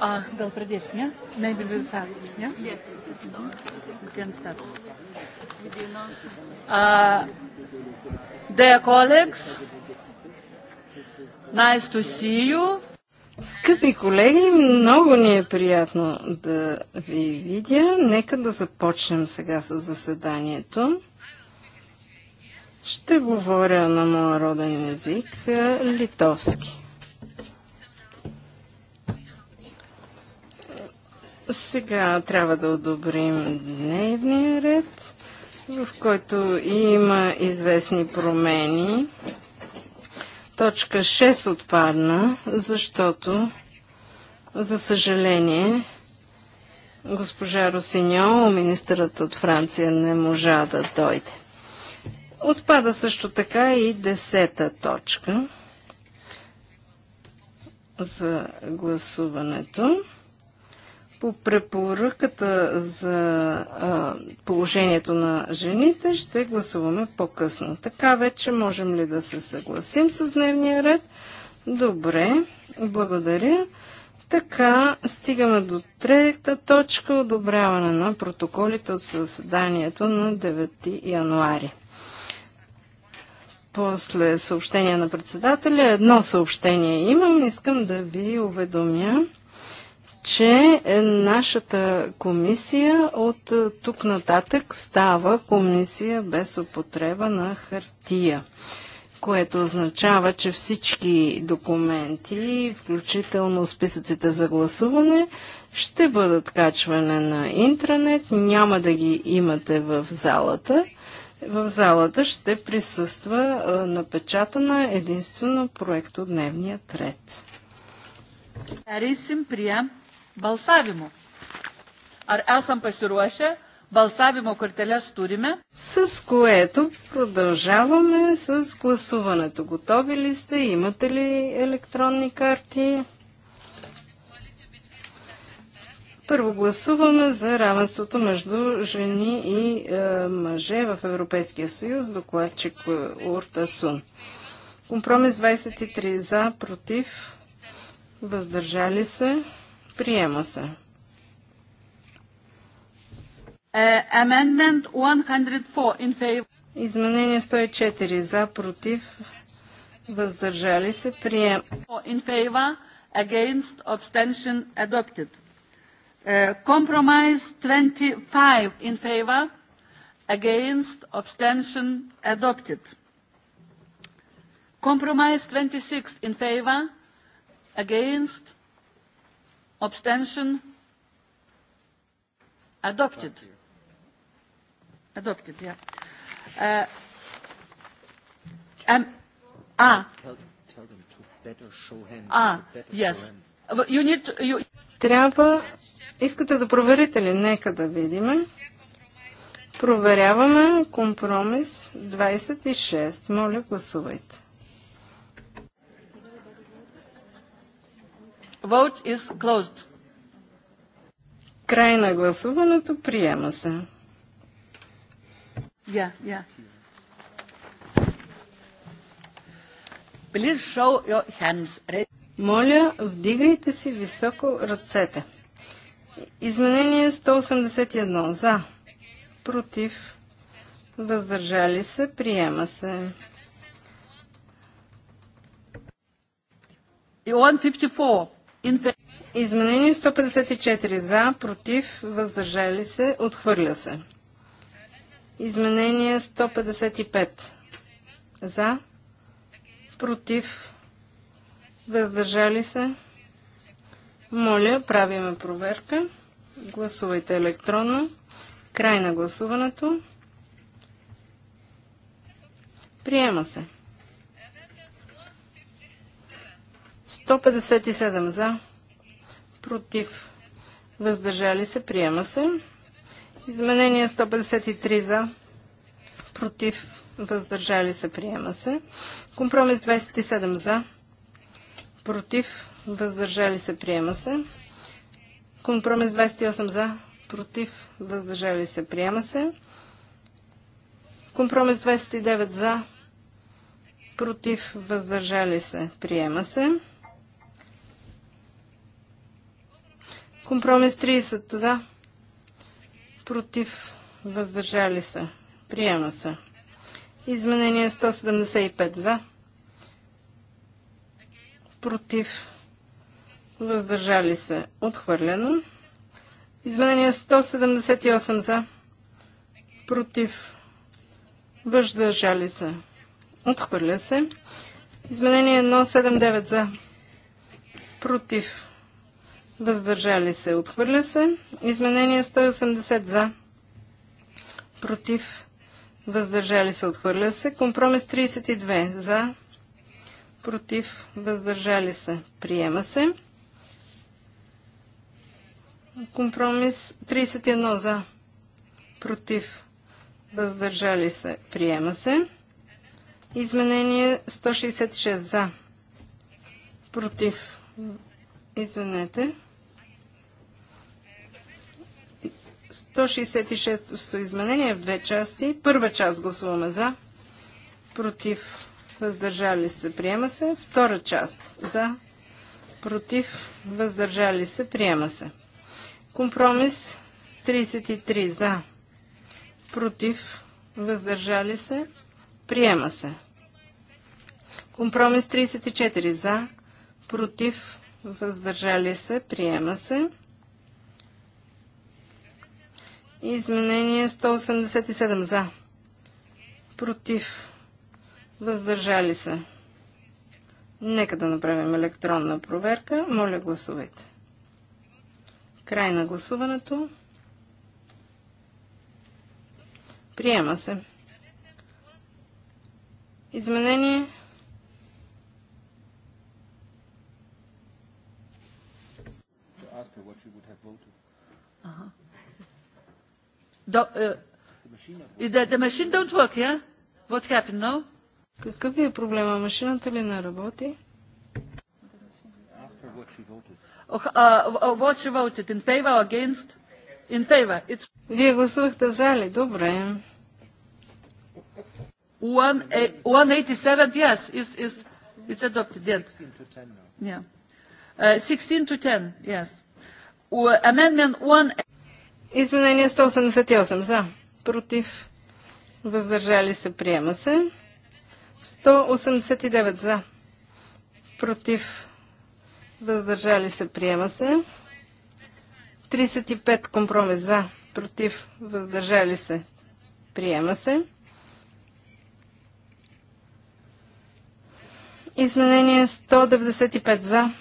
А, gal pradėsime? Ne, dvi visat, ne? Can start. Uh, dear colleagues, nice to see you. Скъпи колеги, много ни е приятно да ви видя. Нека да започнем сега с заседанието. Ще говоря на моя роден език литовски. Сега трябва да одобрим дневния ред, в който има известни промени. Точка 6 отпадна, защото, за съжаление, госпожа Росиньо, министърът от Франция, не можа да дойде. Отпада също така и десета точка за гласуването по препоръката за а, положението на жените ще гласуваме по-късно. Така вече можем ли да се съгласим с дневния ред? Добре, благодаря. Така, стигаме до третата точка одобряване на протоколите от заседанието на 9 януари. После съобщение на председателя, едно съобщение имам, искам да ви уведомя че е, нашата комисия от е, тук нататък става комисия без употреба на хартия което означава, че всички документи, включително списъците за гласуване, ще бъдат качване на интранет, няма да ги имате в залата. В залата ще присъства е, напечатана единствено проект от дневния ред. Арисим balsavimu. Ar esam pasiruošę? Балсавимо картеля туриме. С което продължаваме с гласуването. Готови ли сте? Имате ли електронни карти? Първо гласуваме за равенството между жени и е, мъже в Европейския съюз, докладчик Сун. Компромис 23 за, против, въздържали се. Приема се. Amendment 104 in favor. Изменение 104 за, против, въздържали се, прием. In favor, against, abstention, adopted. Compromise 25 in favor, against, abstention, adopted. Compromise 26 in favor, against, Abstention? Adopted. Adopted, yeah. Uh, um, ah. Tell, tell them to better show hands. Ah, yes. Hands. You need to, you... Трябва... Искате да проверите ли? Нека да видим. Проверяваме компромис 26. Моля, гласувайте. Vote is closed. Край на гласуването. Приема се. Yeah, yeah. Please show your hands. Моля, вдигайте си високо ръцете. Изменение 181. За. Против. Въздържали се. Приема се. 54. Изменение 154 за, против, въздържали се, отхвърля се. Изменение 155 за, против, въздържали се. Моля, правиме проверка. Гласувайте електронно. Край на гласуването. Приема се. 157 за, против, въздържали се, приема се. Изменение 153 за, против, въздържали се, приема се. Компромис 27 за, против, въздържали се, приема се. Компромис 28 за, против, въздържали се, приема се. Компромис 29 за, против, въздържали се, приема се. Компромис 30 за. Против. Въздържали се. Приема се. Изменение 175 за. Против. Въздържали се. Отхвърлено. Изменение 178 за. Против. Въздържали се. Отхвърля се. Изменение 179 за. Против въздържали се, отхвърля се. Изменение 180 за, против, въздържали се, отхвърля се. Компромис 32 за, против, въздържали се, приема се. Компромис 31 за, против, въздържали се, приема се. Изменение 166 за, против, извинете, 166-то изменение в две части. Първа част гласуваме за, против, въздържали се, приема се. Втора част за, против, въздържали се, приема се. Компромис 33 за, против, въздържали се, приема се. Компромис 34 за, против, въздържали се, приема се. Изменение 187 за. Против. Въздържали се. Нека да направим електронна проверка. Моля, гласувайте. Край на гласуването. Приема се. Изменение Do, uh, the, the machine don't work, yeah? What happened now? Какъв е проблема? Машината ли не работи? Ask her what she voted. Uh, what she voted, in favor or against? In favor. It's... Вие гласувахте за ли? Добре. 187, yes, is, is, it's adopted. Yeah. 16 to 10 now. Yeah. Uh, 16 to 10, yes. Uh, amendment 1... Изменение 188 за. Против. Въздържали се. Приема се. 189 за. Против. Въздържали се. Приема се. 35 компромис за. Против. Въздържали се. Приема се. Изменение 195 за.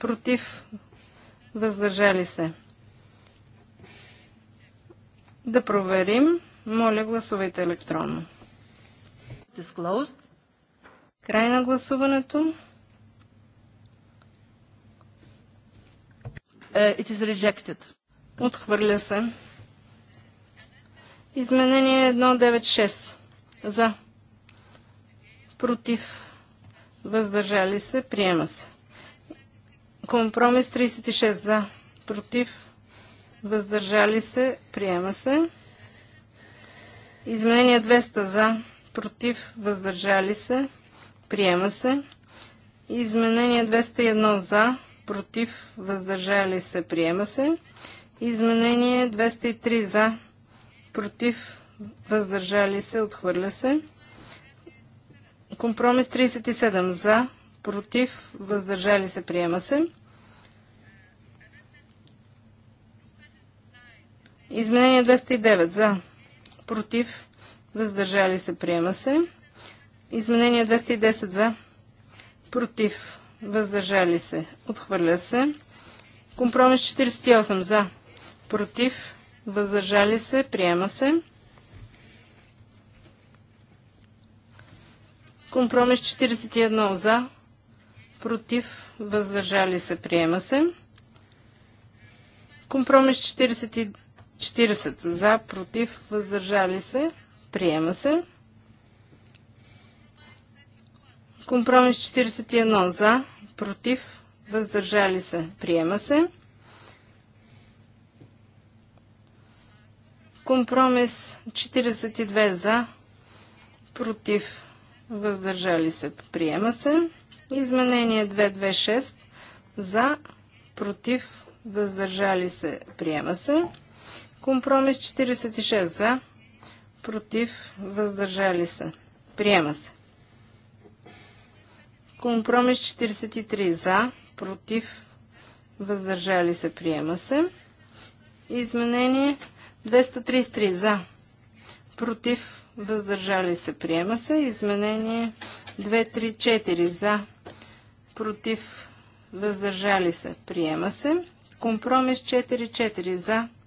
Против. Въздържали се. Да проверим. Моля, гласувайте електронно. Disclosed. Край на гласуването. Uh, it is rejected. Отхвърля се. Изменение 196. За. Против. Въздържали се. Приема се. Компромис 36. За. Против въздържали се, приема се. Изменение 200 за, против, въздържали се, приема се. Изменение 201 за, против, въздържали се, приема се. Изменение 203 за, против, въздържали се, отхвърля се. Компромис 37 за, против, въздържали се, приема се. Изменение 209 за, против, въздържали се, приема се. Изменение 210 за, против, въздържали се, отхвърля се. Компромис 48 за, против, въздържали се, приема се. Компромис 41 за, против, въздържали се, приема се. Компромис 42 40 за, против, въздържали се, приема се. Компромис 41 за, против, въздържали се, приема се. Компромис 42 за, против, въздържали се, приема се. Изменение 226 за, против, въздържали се, приема се. Компромис 46 за, против, въздържали се. Приема се. Компромис 43 за, против, въздържали се. Приема се. Изменение 233 за, против, въздържали се. Приема се. Изменение 234 за, против, въздържали се. Приема се. Компромис 44 за, против,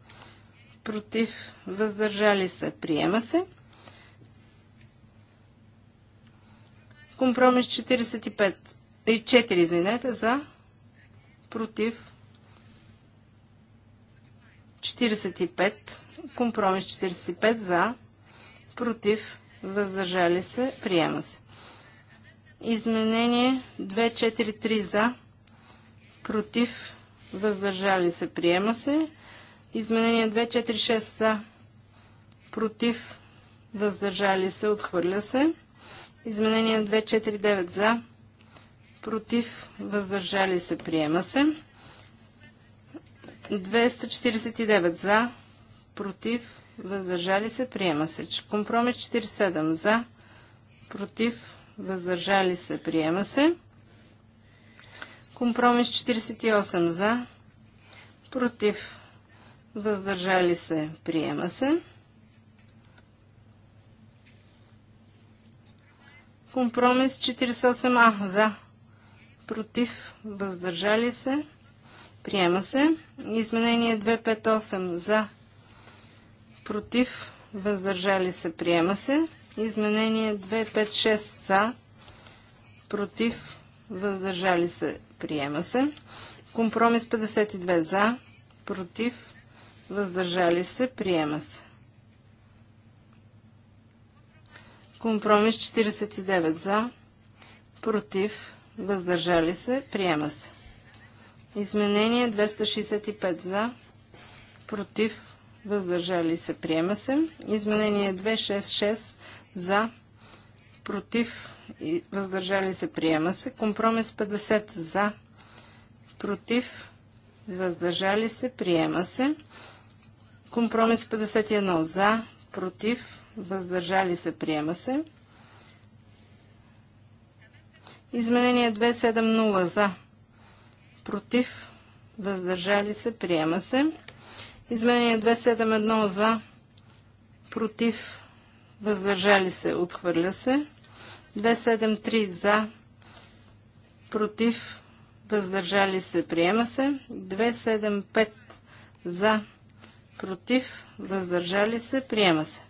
против, въздържали се, приема се. Компромис 45 и 4, извинете, за, против, 45, компромис 45 за, против, въздържали се, приема се. Изменение 2, 4, 3 за, против, въздържали се, приема се. Изменение 246 за, против, въздържали се, отхвърля се. Изменение 249 за, против, въздържали се, приема се. 249 за, против, въздържали се, приема се. Компромис 47 за, против, въздържали се, приема се. Компромис 48 за, против, въздържали се, приема се. Компромис 48А за, против, въздържали се, приема се. Изменение 258 за, против, въздържали се, приема се. Изменение 256 за, против, въздържали се, приема се. Компромис 52 за, против, въздържали се, приема се. Компромис 49 за, против, въздържали се, приема се. Изменение 265 за, против, въздържали се, приема се. Изменение 266 за, против, въздържали се, приема се. Компромис 50 за, против, въздържали се, приема се. Компромис 51 за, против, въздържали се, приема се. Изменение 270 за, против, въздържали се, приема се. Изменение 271 за, против, въздържали се, отхвърля се. 273 за, против, въздържали се, приема се. 275 за, против, против, въздържали се, приема се.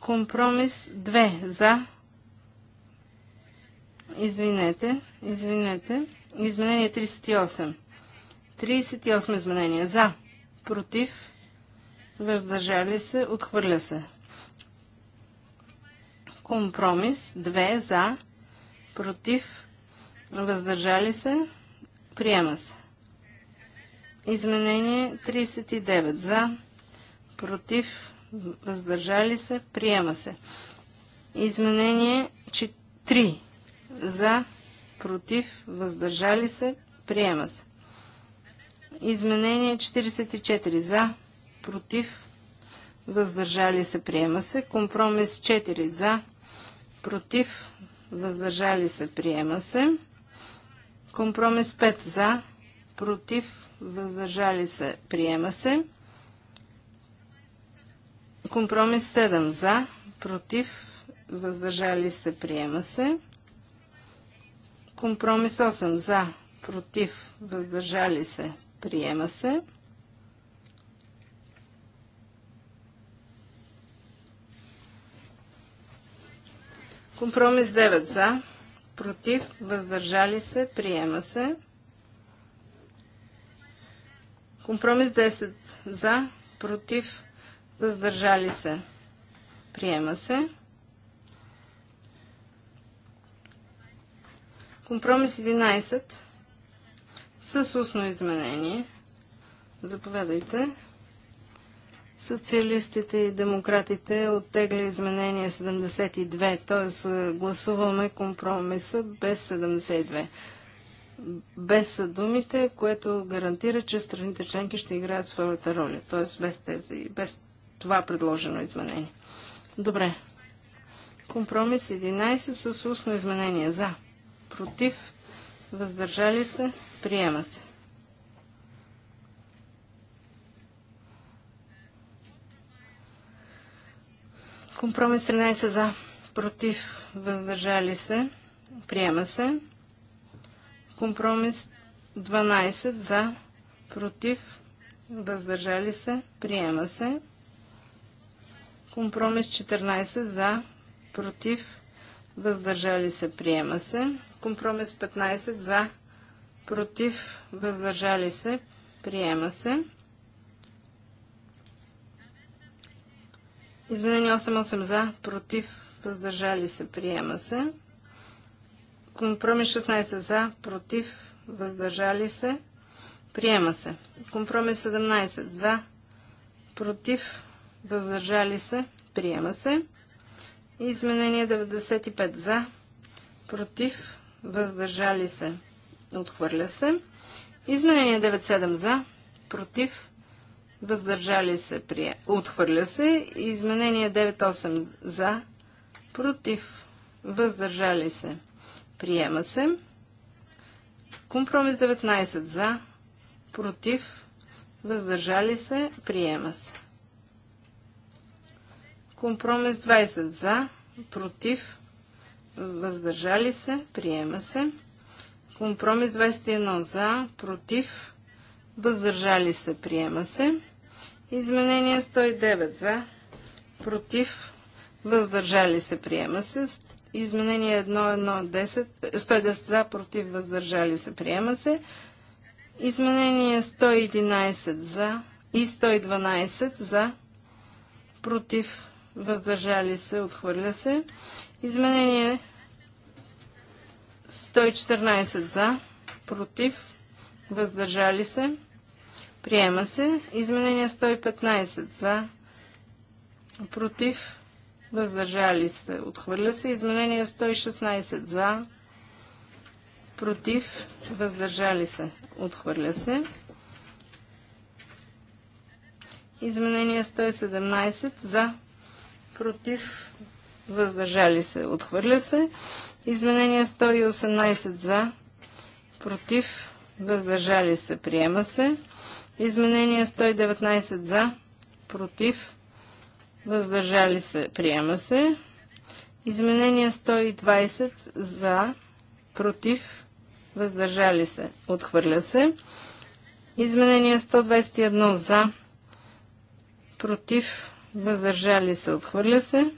Компромис 2 за. Извинете, извинете. Изменение 38. 38 изменения. за, против, въздържали се, отхвърля се. Компромис 2 за, против, въздържали се, приема се. Изменение 39 за, против, въздържали се, приема се. Изменение 3 за, против, въздържали се, приема се. Изменение 44 за, против, въздържали се, приема се. Компромис 4 за, против, въздържали се, приема се. Компромис 5 за, против, въздържали се, приема се. Компромис 7 за, против, въздържали се, приема се. Компромис 8 за, против, въздържали се, приема се. Компромис 9 за, против, въздържали се, приема се. Компромис 10 за, против, въздържали се. Приема се. Компромис 11 с устно изменение. Заповядайте. Социалистите и демократите оттегля изменение 72, т.е. гласуваме компромиса без 72 без думите, което гарантира, че страните членки ще играят своята роля, т.е. без тези, без това предложено изменение. Добре. Компромис 11 с устно изменение. За. Против. Въздържали се. Приема се. Компромис 13 за. Против. Въздържали се. Приема се. Компромис 12 за, против, въздържали се, приема се. Компромис 14 за, против, въздържали се, приема се. Компромис 15 за, против, въздържали се, приема се. Изменение 8-8 за, против, въздържали се, приема се. Компромис 16 за, против, въздържали се, приема се. Компромис 17 за, против, въздържали се, приема се. Изменение 95 за, против, въздържали се, отхвърля се. Изменение 97 за, против, въздържали се, прие... отхвърля се. Изменение 98 за, против, въздържали се, Приема се. Компромис 19 за, против, въздържали се, приема се. Компромис 20 за, против, въздържали се, приема се. Компромис 21 за, против, въздържали се, приема се. Изменение 109 за, против, въздържали се, приема се. Изменение 1.1.10, 110 за, против, въздържали се, приема се. Изменение 111 за и 112 за, против, въздържали се, отхвърля се. Изменение 114 за, против, въздържали се, приема се. Изменение 115 за, против, въздържали се, отхвърля се. Изменение 116 за, против, въздържали се, отхвърля се. Изменение 117 за, против, въздържали се, отхвърля се. Изменение 118 за, против, въздържали се, приема се. Изменение 119 за, против, въздържали се, приема се. Изменение 120 за, против, въздържали се, отхвърля се. Изменение 121 за, против, въздържали се, отхвърля се.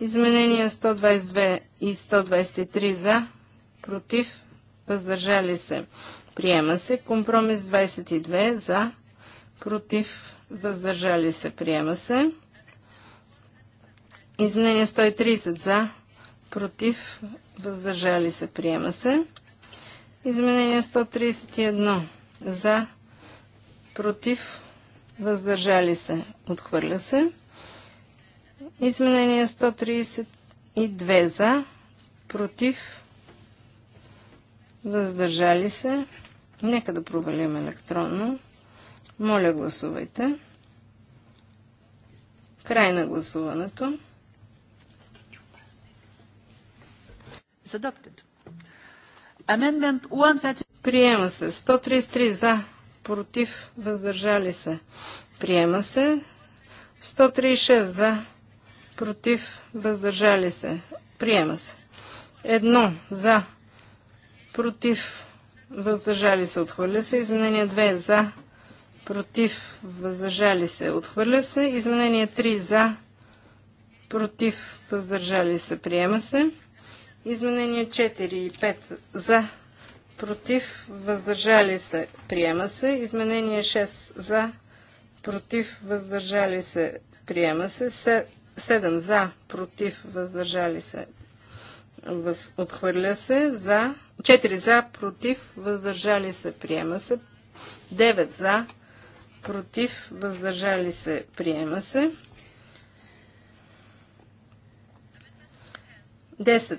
Изменения 122 и 123 за, против, въздържали се, приема се. Компромис 22 за, против, въздържали се, приема се. Изменение 130 за, против, въздържали се, приема се. Изменение 131 за, против, въздържали се, отхвърля се. Изменение 132 за, против, въздържали се. Нека да провалим електронно. Моля, гласувайте. Край на гласуването. Приема се. 133 за, против, въздържали се. Приема се. 136 за, против, въздържали се. Приема се. Едно за, против, въздържали се, отхвърля се. Изменение 2 за, против, въздържали се, отхвърля се. Изменение 3 за, против, въздържали се, приема се. Изменение 4 и 5 за, против, въздържали се, приема се. Изменение 6 за, против, въздържали се, приема се. 7 за, против, въздържали се, въз... отхвърля се. За, 4 за, против, въздържали се, приема се. 9 за, против, въздържали се, приема се. 10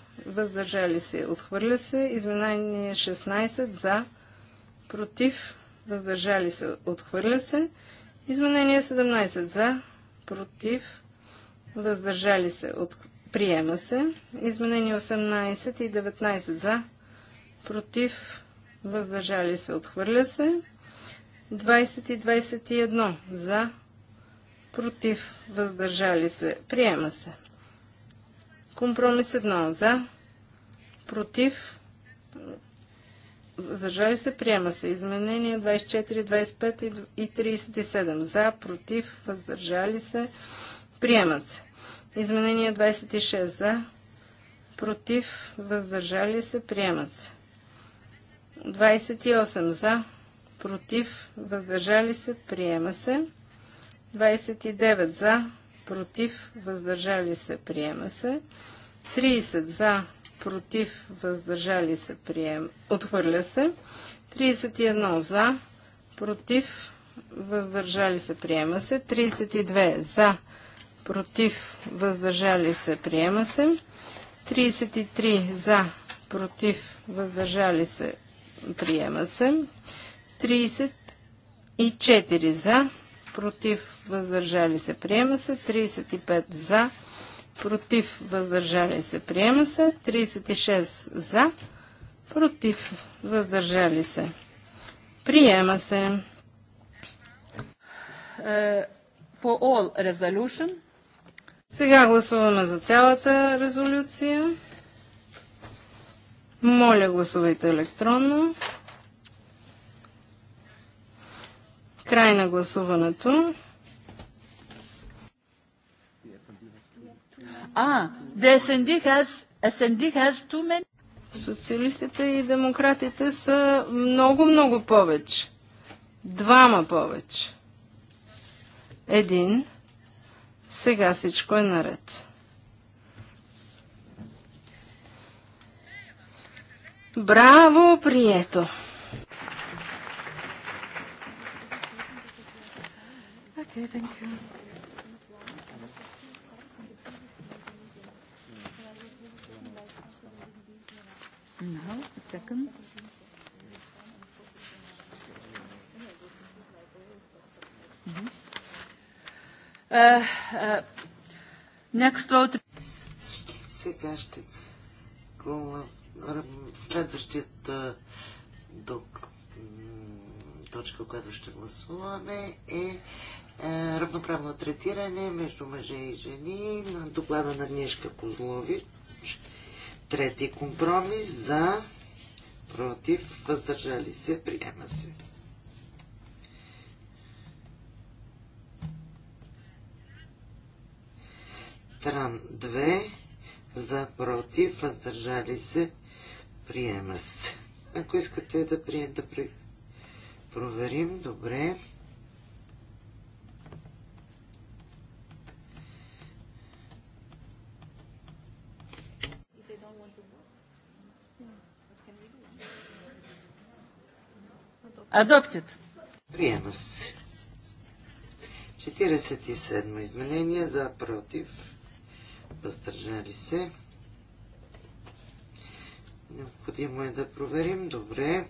въздържали се, отхвърля се. Изменение 16 за, против, въздържали се, отхвърля се. Изменение 17 за, против, въздържали се, от... приема се. Изменение 18 и 19 за, против, въздържали се, отхвърля се. 20 и 21 за, против, въздържали се, приема се. Компромис 1 за, против, въздържали се, приема се. Изменения 24, 25 и 37 за, против, въздържали се, приемат се. Изменение 26 за, против, въздържали се, приемат се. 28 за, против, въздържали се, приема се. 29 за, против, въздържали се, приема се. 30 за, против, въздържали се, прием. Отхвърля се. 31 за, против, въздържали се, приема се. 32 за, против, въздържали се, приема се. 33 за, против, въздържали се, приема се. 34 за, против, въздържали се, приема се. 35 за, против, против, въздържали се, приема се. 36 за, против, въздържали се, приема се. Е, for all resolution. Сега гласуваме за цялата резолюция. Моля, гласувайте електронно. Край на гласуването. А, the SND has, SND has too many. Социалистите и демократите са много-много повече. Двама повече. Един. Сега всичко е наред. Браво, прието! Okay, thank you. Now, second. Mm-hmm. Uh, uh, next vote. Сега ще следващият точка, която ще гласуваме е, е равноправно третиране между мъже и жени на доклада на Днешка Козлович. Трети компромис за, против, въздържали се, приема се. Тран 2 за, против, въздържали се, приема се. Ако искате да, прием, да при... проверим, добре. Адоптит. Приема се. 47 изменения за против. Въздържали се. Необходимо е да проверим. Добре.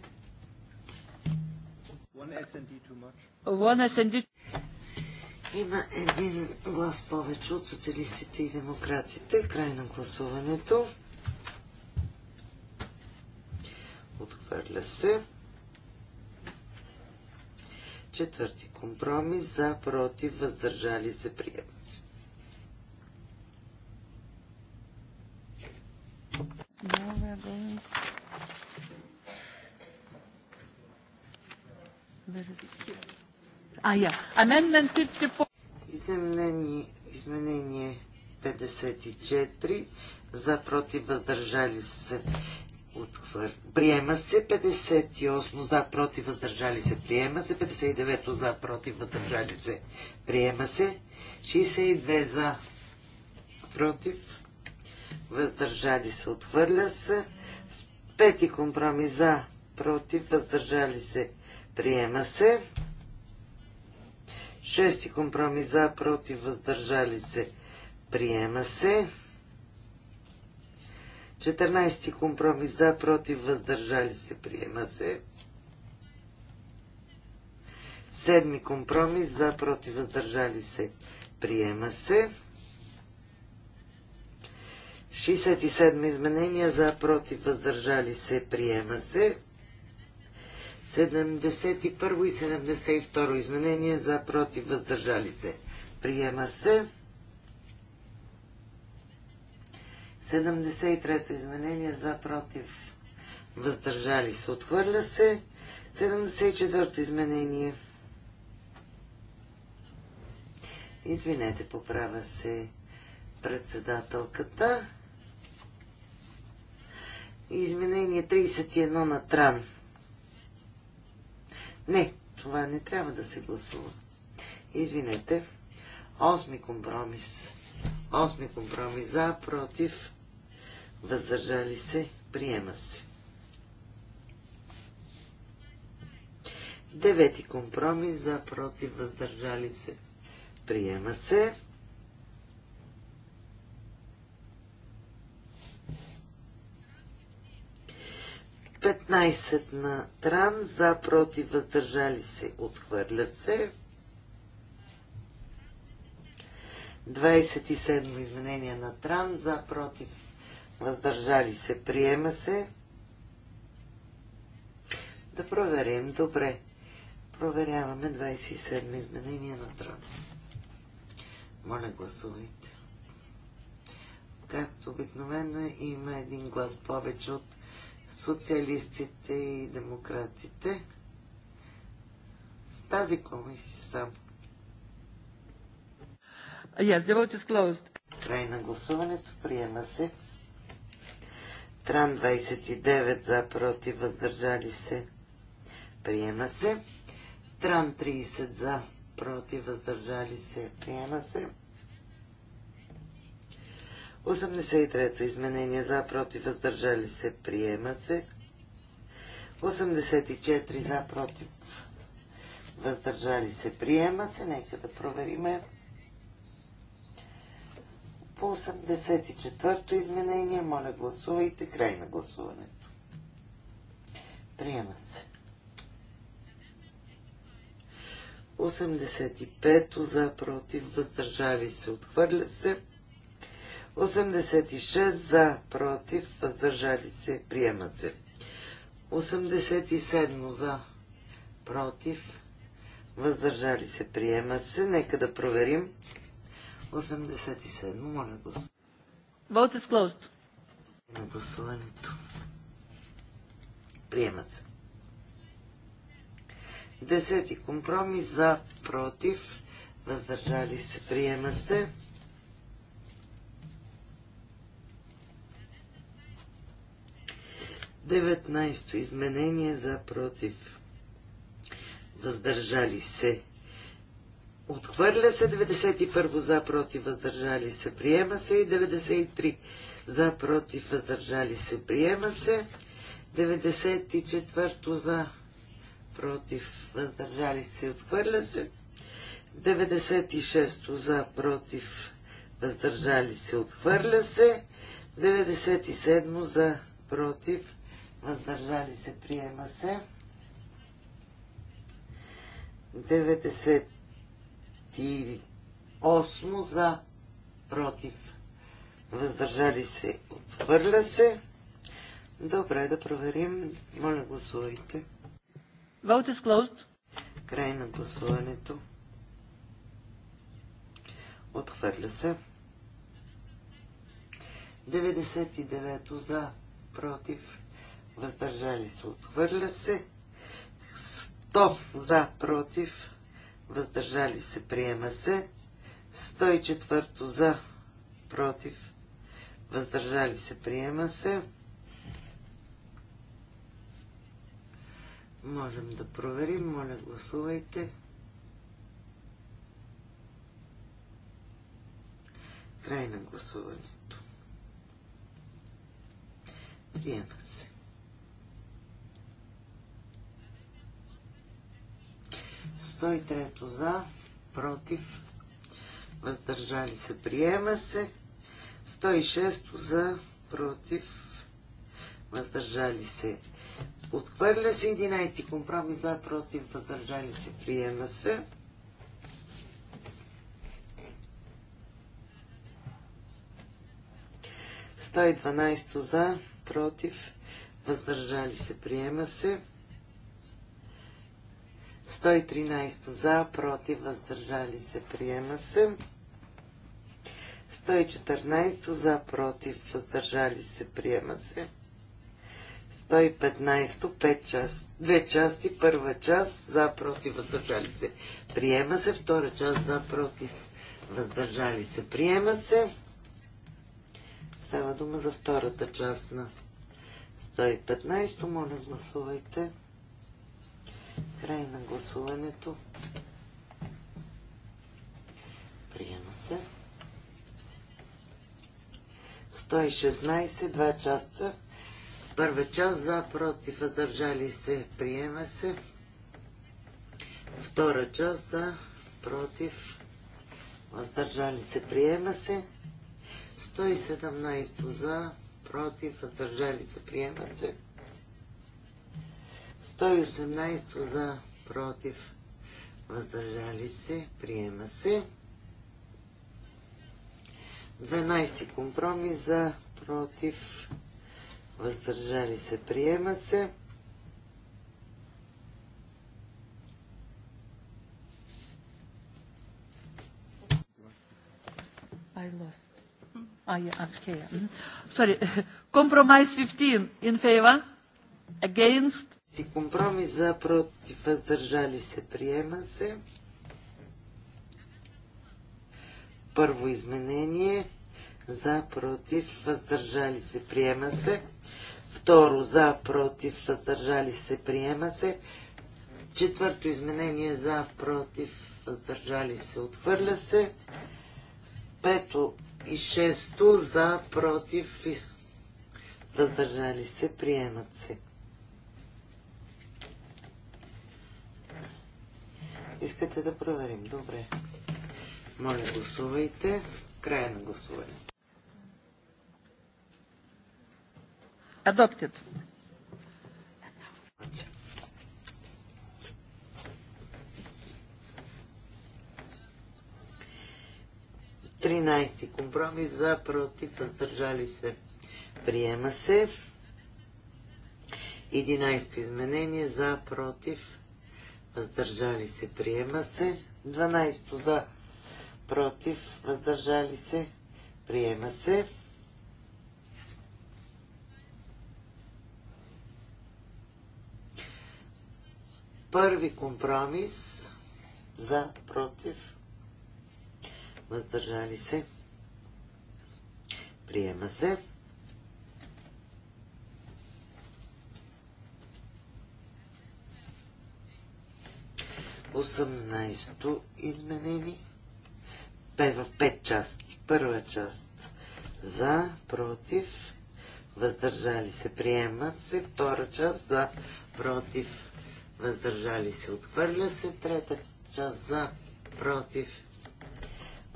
Има един глас повече от социалистите и демократите. Край на гласуването. Отхвърля се. Четвърти компромис за, против, въздържали се, приема се. А, Изменение, изменение 54 за против въздържали се Приема се 58 за против въздържали се. Приема се 59 за против въздържали се. Приема се 62 за против въздържали се. Отхвърля се. Пети компромис за против въздържали се. Приема се. Шести компромис за против въздържали се. Приема се. 14 компромис за, против, въздържали се, приема се. Седми компромис за, против, въздържали се, приема се. 67 изменения за, против, въздържали се, приема се. 71 и 72 изменение за, против, въздържали се, приема се. 73-то изменение за против. Въздържали се. Отхвърля се. 74-то изменение. Извинете, поправя се председателката. Изменение 31 на Тран. Не, това не трябва да се гласува. Извинете. Осми компромис. Осми компромис за, против, въздържали се, приема се. Девети компромис за против въздържали се. Приема се. Петнайсет на Тран за против въздържали се. Отхвърля се. 27 изменение на Тран за против въздържали се, приема се. Да проверим, добре. Проверяваме 27 изменения на трън. Моля, гласувайте. Както обикновено е, има един глас повече от социалистите и демократите. С тази комисия само. Yes, the vote is closed. Край на гласуването приема се. Тран 29 за против въздържали се. Приема се. Тран 30 за против въздържали се. Приема се. 83-то изменение за против въздържали се. Приема се. 84 за против въздържали се. Приема се. Нека да провериме по 84-то изменение. Моля, гласувайте. Край на гласуването. Приема се. 85-то за против, въздържали се, отхвърля се. 86 за против, въздържали се, приема се. 87 за против, въздържали се, приема се. Нека да проверим. 87. Моля гласувайте. Vote is closed. На гласуването. Приема се. Десети компромис за против. Въздържали се. Приема се. Деветнайсто изменение за против. Въздържали се. Отхвърля се 91 за против въздържали се. Приема се и 93 за против въздържали се. Приема се 94 за против въздържали се. Отхвърля се 96 за против въздържали се. Отхвърля се 97 за против въздържали се. Приема се 90 Осмо за, против, въздържали се, отвърля се. Добре, да проверим. Моля, гласувайте. Vote is closed. Край на гласуването. Отхвърля се. 99 за, против, въздържали се, отхвърля се. 100 за, против, въздържали се, приема се. 104 за, против, въздържали се, приема се. Можем да проверим, моля гласувайте. Край на гласуването. Приема се. 103 за, против, въздържали се, приема се. 106 за, против, въздържали се, отхвърля се. 11 компромис за, против, въздържали се, приема се. 112 за, против, въздържали се, приема се. 113 за, против, въздържали се, приема се. 114 за, против, въздържали се, приема се. 115, 2 части, първа част за, против, въздържали се, приема се, втора част за, против, въздържали се, приема се. Става дума за втората част на 115, моля гласувайте. Край на гласуването. Приема се. 116, два часа. Първа част за, против, въздържали се, приема се. Втора част за, против, въздържали се, приема се. 117 за, против, въздържали се, приема се. 118 за против въздържали се, приема се. 12 компромис за против въздържали се, приема се. I lost. Ah, yeah, okay. Sorry. Compromise 15 in favor, against, си компромис за против въздържали се приема се. Първо изменение за против въздържали се приема се. Второ за против въздържали се приема се. Четвърто изменение за против въздържали се отхвърля се. Пето и шесто за против въздържали се приемат се. Искате да проверим? Добре. Моля, гласувайте. Края на гласуване. Adopted. Тринайсти компромис за против, въздържали се. Приема се. Единайсто изменение за против, въздържали се, приема се. 12 за, против, въздържали се, приема се. Първи компромис за, против, въздържали се, приема се. 18-то изменение. В 5 части. Първа част за, против, въздържали се, приема се. Втора част за, против, въздържали се, отхвърля се. Трета част за, против,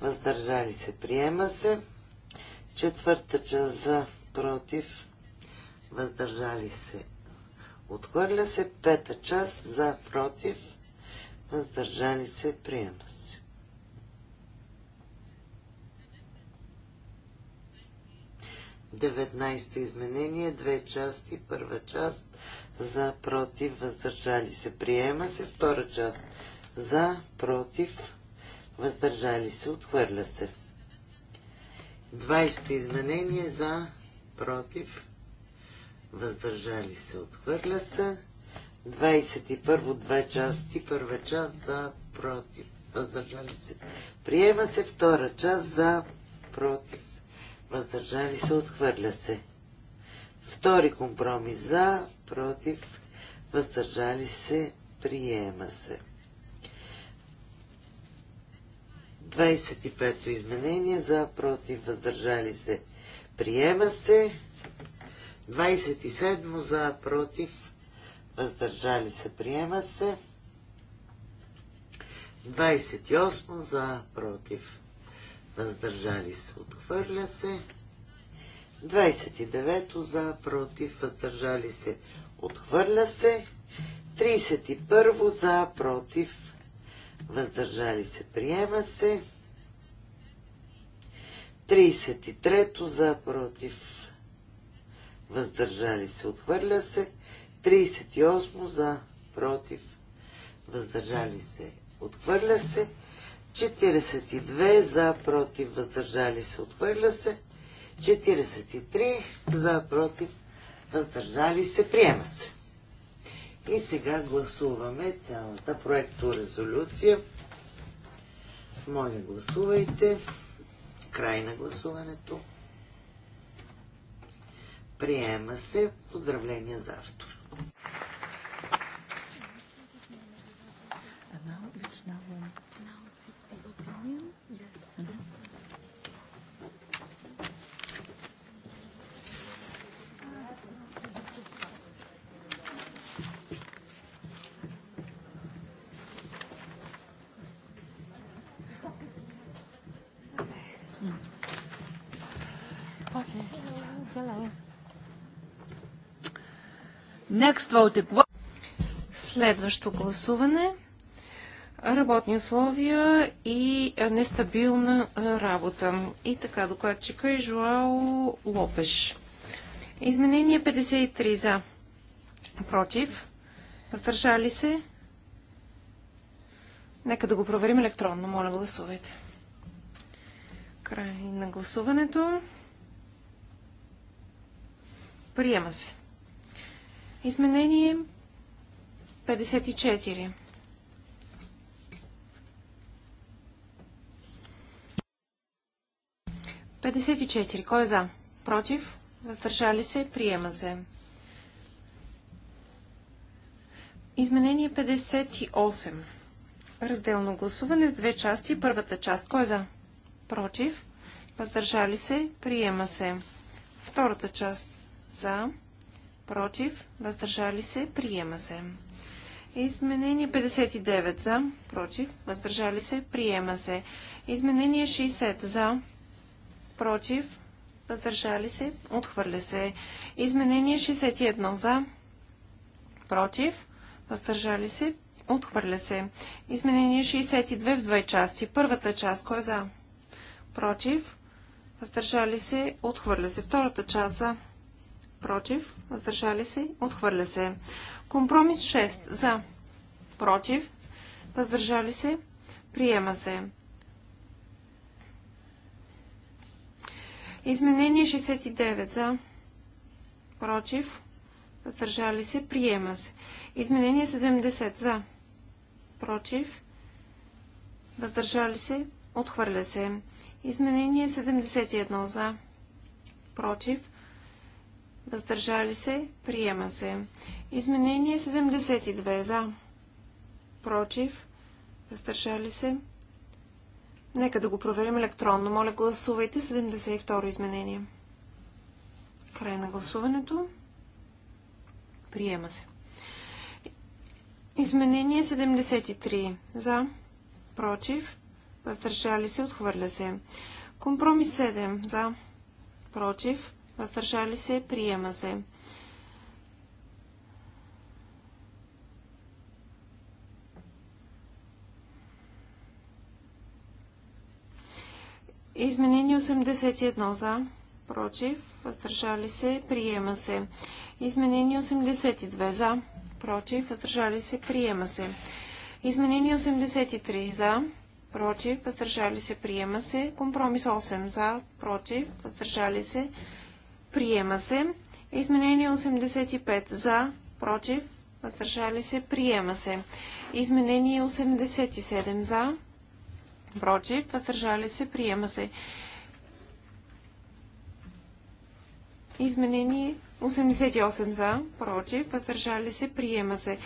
въздържали се, приема се. Четвърта част за, против, въздържали се, отхвърля се. Пета част за, против, въздържали се, приема се. Деветнайсто изменение, две части, първа част за, против, въздържали се, приема се, втора част за, против, въздържали се, отхвърля се. 20 изменение за, против, въздържали се, отхвърля се. 21 две части. Първа част за против. Въздържали се. Приема се втора част за против. Въздържали се. Отхвърля се. Втори компромис за против. Въздържали се. Приема се. 25-то изменение за против. Въздържали се. Приема се. 27 за против въздържали се, приема се. 28 за, против, въздържали се, отхвърля се. 29 за, против, въздържали се, отхвърля се. 31 за, против, въздържали се, приема се. 33 за, против, въздържали се, отхвърля се. 38 за, против, въздържали се, отхвърля се. 42 за, против, въздържали се, отхвърля се. 43 за, против, въздържали се, приема се. И сега гласуваме цялата проекторезолюция. Моля, гласувайте. Край на гласуването. Приема се. Поздравления за автора. Следващо гласуване. Работни условия и нестабилна работа. И така, докладчика е Жоао Лопеш. Изменение 53 за. Против. Въздържали се. Нека да го проверим електронно. Моля, гласувайте. Край на гласуването. Приема се. Изменение 54. 54. Кой е за? Против? Въздържали се? Приема се. Изменение 58. Разделно гласуване в две части. Първата част. Кой е за? Против? Въздържали се? Приема се. Втората част. За? против, въздържали се, приема се. Изменение 59 за, против, въздържали се, приема се. Изменение 60 за, против, въздържали се, отхвърля се. Изменение 61 за, против, въздържали се, отхвърля се. Изменение 62 в две части. Първата част, кой е за? Против, въздържали се, отхвърля се. Втората част за, против, въздържали се, отхвърля се. Компромис 6 за, против, въздържали се, приема се. Изменение 69 за, против, въздържали се, приема се. Изменение 70 за, против, въздържали се, отхвърля се. Изменение 71 за, против, Въздържали се. Приема се. Изменение 72. За. Против. Въздържали се. Нека да го проверим електронно. Моля, гласувайте 72 изменение. Край на гласуването. Приема се. Изменение 73. За. Против. Въздържали се. Отхвърля се. Компромис 7. За. Против въздържали се, приема се. Изменени 81 за, против, въздържали се, приема се. Изменени 82 за, против, въздържали се, приема се. Изменени 83 за, против, въздържали се, приема се. Компромис 8 за, против, въздържали се, приема се. Приема се. Изменение 85 за, против, въздържали се, приема се. Изменение 87 за, против, въздържали се, приема се. Изменение 88 за, против, въздържали се, приема се.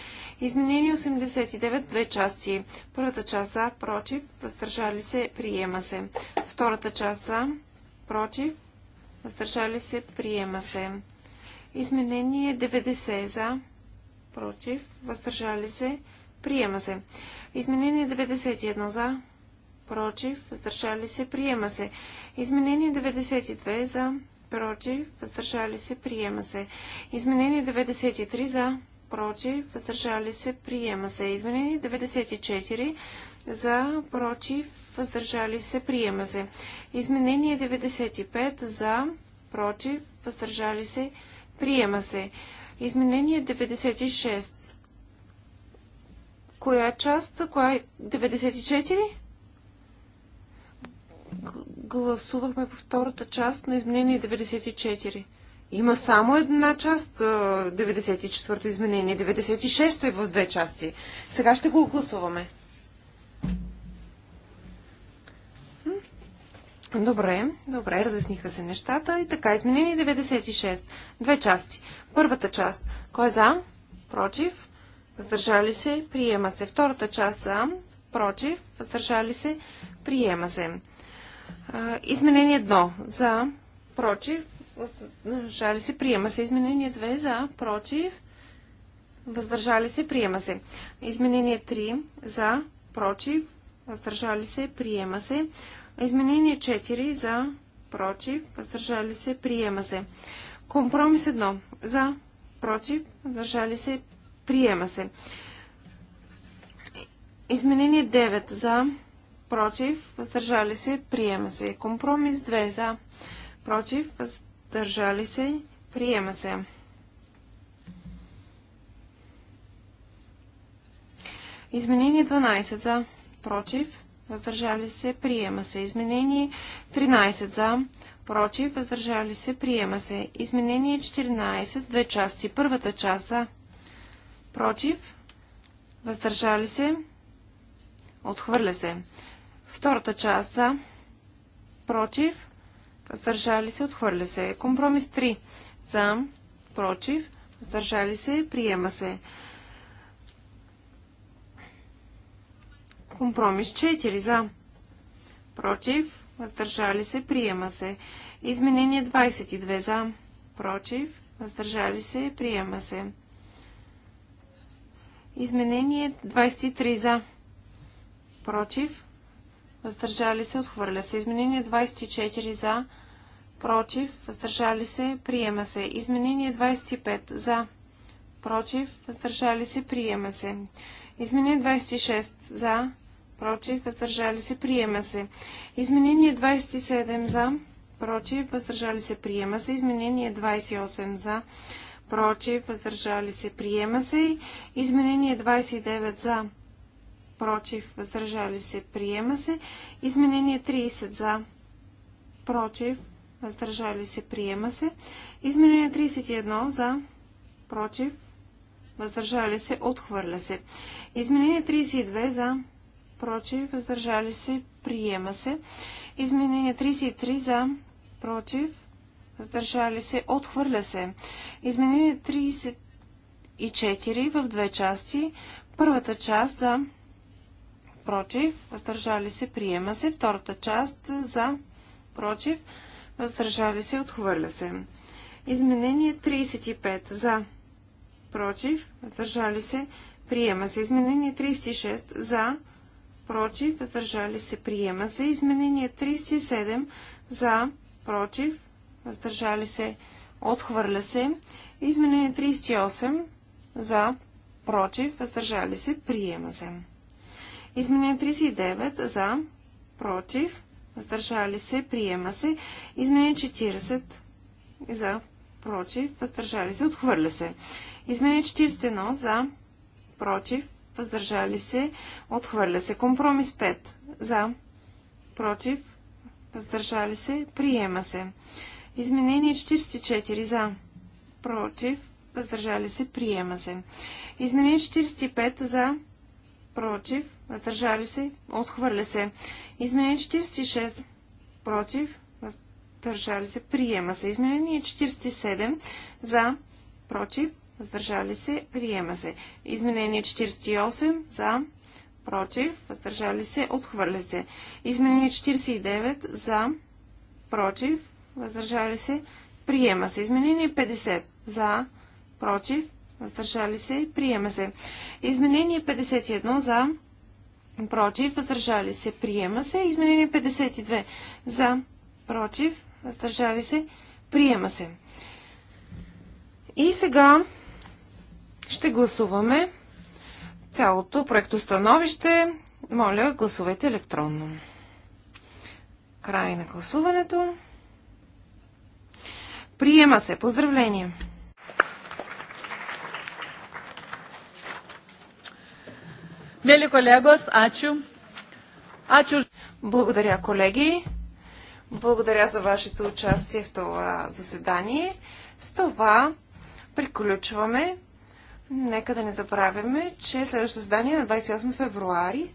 Изменение 89, две части. Първата част за, против, въздържали се, приема се. Втората част за, против, въздържали се, приема се. Изменение 90 за, против, въздържали се, приема се. Изменение 91 за, против, въздържали се, приема се. Изменение 92 за, против, въздържали се, приема се. Изменение 93 за, против, въздържали се, приема се. Изменени 94 за, против, въздържали се, приема се. Изменение 95 за, против, въздържали се, приема се. Изменение 96. Коя част? Коя е? 94? Гласувахме по втората част на изменение 94. Има само една част, 94-то изменение, 96-то е в две части. Сега ще го гласуваме. Добре, добре, разясниха се нещата и така, изменение 96. Две части. Първата част. Кой е за? Против. Въздържали се? Приема се. Втората част за? Против. Въздържали се? Приема се. Изменение 1. За? Против въздържали се, приема се. Изменение 2 за, против, въздържали се, приема се. Изменение 3 за, против, въздържали се, приема се. Изменение 4 за, против, въздържали се, приема се. Компромис 1 за, против, въздържали се, приема се. Изменение 9 за, против, въздържали се, приема се. Компромис 2 за, против, въздържали въздържали се, приема се. Изменение 12 за, против, въздържали се, приема се. Изменение 13 за, против, въздържали се, приема се. Изменение 14, две части. Първата част за, против, въздържали се, отхвърля се. Втората част за, против, въздържали се, отхвърля се. Компромис 3 за, против, въздържали се, приема се. Компромис 4 за, против, въздържали се, приема се. Изменение 22 за, против, въздържали се, приема се. Изменение 23 за, против, въздържали се, отхвърля се. Изменение 24 за, против, против, въздържали се, приема се. Изменение 25 за, против, въздържали се, приема се. Изменение 26 за, против, въздържали се, приема се. Изменение 27 за, против, въздържали се, приема се. Изменение 28 за, против, въздържали се, приема се. Изменение 29 за, против, въздържали се, приема се. Изменение 30 за, против, въздържали се, приема се. Изменение 31 за, против, въздържали се, отхвърля се. Изменение 32 за, против, въздържали се, приема се. Изменение 33 за, против, въздържали се, отхвърля се. Изменение 34 в две части. Първата част за, против, въздържали се, приема се. Втората част за, против, въздържали се, въздържали се, отхвърля се. Изменение 35 за, против, въздържали се, приема се. Изменение 36 за, против, въздържали се, приема се. Изменение 37 за, против, въздържали се, отхвърля се. Изменение 38 за, против, въздържали се, приема се. Изменение 39 за, против, въздържали се, приема се. Изменение 40 за, против, въздържали се, отхвърля се. Изменение 41 за, против, въздържали се, отхвърля се. Компромис 5 за, против, въздържали се, приема се. Изменение 44 за, против, въздържали се, приема се. Изменение 45 за, против, въздържали се, отхвърля се. Изменение 46 против, въздържали се, приема се. Изменение 47 за, против, въздържали се, приема се. Изменение 48 за, против, въздържали се, отхвърля се. Изменение 49 за, против, въздържали се, приема се. Изменение 50 за, против, въздържали се, приема се. Изменение 51 за, против, въздържали се, приема се. Изменение 52 за, против, въздържали се, приема се. И сега ще гласуваме цялото становище. Моля, гласувайте електронно. Край на гласуването. Приема се. Поздравление! Мели колегос, Ачу. Ачу. Благодаря, колеги. Благодаря за вашето участие в това заседание. С това приключваме. Нека да не забравяме, че следващото заседание е на 28 февруари